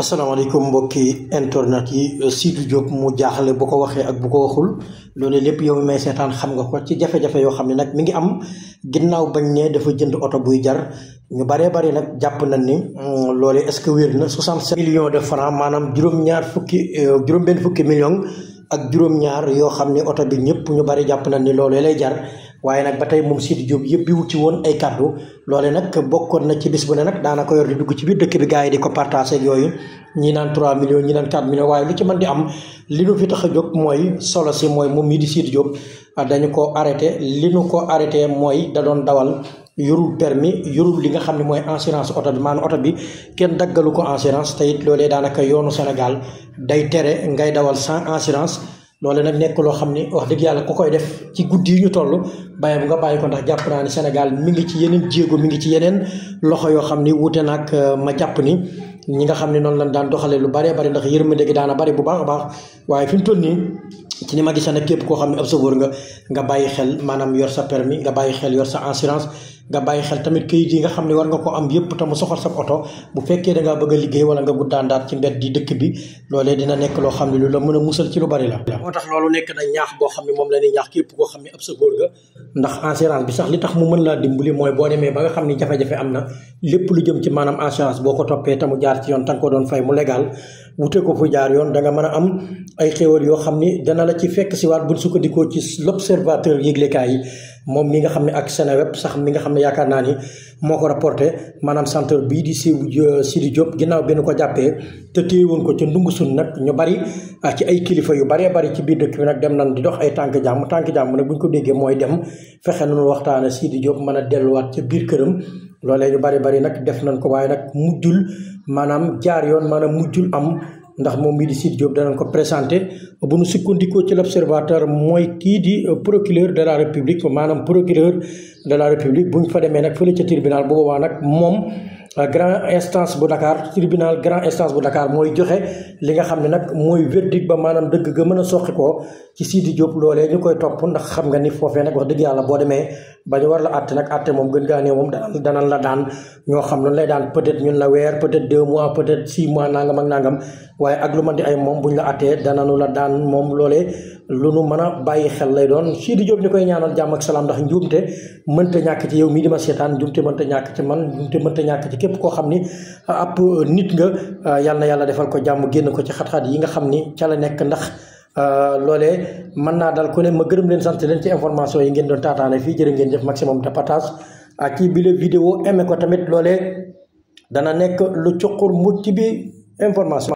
asalaamaaleykum mbokki internet yi Sidy Diop mu jaaxle bu ko waxee ak bu ko waxul loolu lépp yow may seetaan xam nga ko ci jafe-jafe yoo xam ne nag mi ngi am ginnaaw bañ ne dafa jënd oto buy jar ñu baree bari nag jàpp nañ ni mm, loole est-ce que wér na 67 millions de francs maanaam juróom-ñaar fukki euh, juróom-benn fukki millions ak juróom-ñaar yoo xam ne oto bi ñëpp ñu bari jàpp na ni loolee lay jar waaye nag ba tey moom Sidi jóob yëpp wu ci woon ay kàddu loole nag bokkoon na ci bis bu ne nag daanaka yor di dugg ci biir dëkk bi gars yi di ko partagé ak yooyu ñi naan 3 millions ñi naan 4 millions waaye lu ci mën di am li nu fi tax a jóg mooy solo si mooy moom mii di Sidi Diop dañu ko arrêté li nu ko arrêté mooy da doon dawal yorul permis yorul li nga xam ne mooy assurance oto bi maanaam oto bi kenn daggalu ko assurance te loole daanaka yoonu Sénégal day tere ngay dawal sans assurance loole nag nekk loo xam ni wax dëgg yàlla ku koy def ci guddi yu ñu toll bàyyi nga bàyyi ko ndax jàpp naa ni Sénégal mi ngi ci yeneen jéego mi ngi ci yeneen loxo yoo xam ni wuute nag ma jàpp ni ñi nga xam ne noonu lañ daan doxalee lu bëree bëri ndax yërmande gi daana bëri bu baax a baax waaye fi nii ci ni ma gisee nag képp koo xam ne ab chauffeur nga nga bàyyi xel maanaam yor sa nga bàyyi xel yor sa assurance nga bàyyi xel tamit këyit yi nga xam ne war nga ko am yëpp te mu soxal sa oto bu fekkee da ngaa bëgg a liggéey wala nga guddaandaat ci mbedd di dëkk bi loolee dina nekk loo xam ne lu la mën a musal ci lu bari la moo tax loolu nekk na ñaax boo xam ne moom la képp koo xam ne ab chauffeur ndax assurance bi sax li tax mu mën laa dimbali mooy boo demee ba nga xam ni jafe-jafe am na lépp lu jëm ci maanaam assurance boo ko toppee te jaar ci yoon tanga ko doon fay mu légal wute ko fu jaar yoon da nga mën a am ay xéewal yoo xam ni dana la ci fekk si waat buñ sukkandikoo ci l'observateur yëglekaay yi moom mi nga xam ne ak Seneweb sax mi nga xam ne yaakaar naa ni moo ko rapporté maanaam centre bii di si di euh, Diop ginnaaw benn ko jàppee te téye woon ko ca ndungu sun nag ñu bari ah, ci ay kilifa yu baree bari ci biir dëkk bi nag dem nañ di dox ay tànk jàmm tànk jàmm nag bu ñu ko déggee mooy dem fexe nañu waxtaane di Diop mën a delluwaat ca biir këram loolee ñu bari bari nag def nañ ko waaye nag mujjul maanaam jaar yoon maanaam mujjul am ndax moom mi di Sidy Diop danañ ko présenté bu nu sukkandikoo ci l'observateur mooy kii di procureur de la république maanaam procureur de la république bu ñu fa demee nag fële ca tribunal bu boobaa nag moom Euh, grand instance bu Dakar tribunal grand instance bu Dakar mooy joxe li nga xam ne nag mooy verdict ba maanaam dëgg ga mën a soqi ko ci Sidi koy topp ndax xam nga ni foofee nag wax dëgg boo demee ba ñu war la àtte nag àtte la daan ñoo xam noonu lay daan peut la weer peut-être deux mois mois nangam ak nangam waaye ak lu la daan moom loolee lu nu mën a bàyyi xel lay doon Sidi Diop ñu koy ñaanal jàmm ak salaam ndax njuumte mënta ñàkk ci yow mii di ma seetaan njuumte mënta ñàkk ci man njuumte mënta ñàkk ci képp koo xam ni euh, ab euh, nit nga euh, yàlla na yàlla defal ko jàmm génn ko ci xat-xat yi nga xam ni ca la nekk ndax loolee mën naa dal ku ne ma gërëm leen sant leen ci information yi ngeen doon taataane fii jërë ngeen def maximum de partage ak ci bile vidéo aimé ko tamit loole dana nekk lu cuqur mucc bi information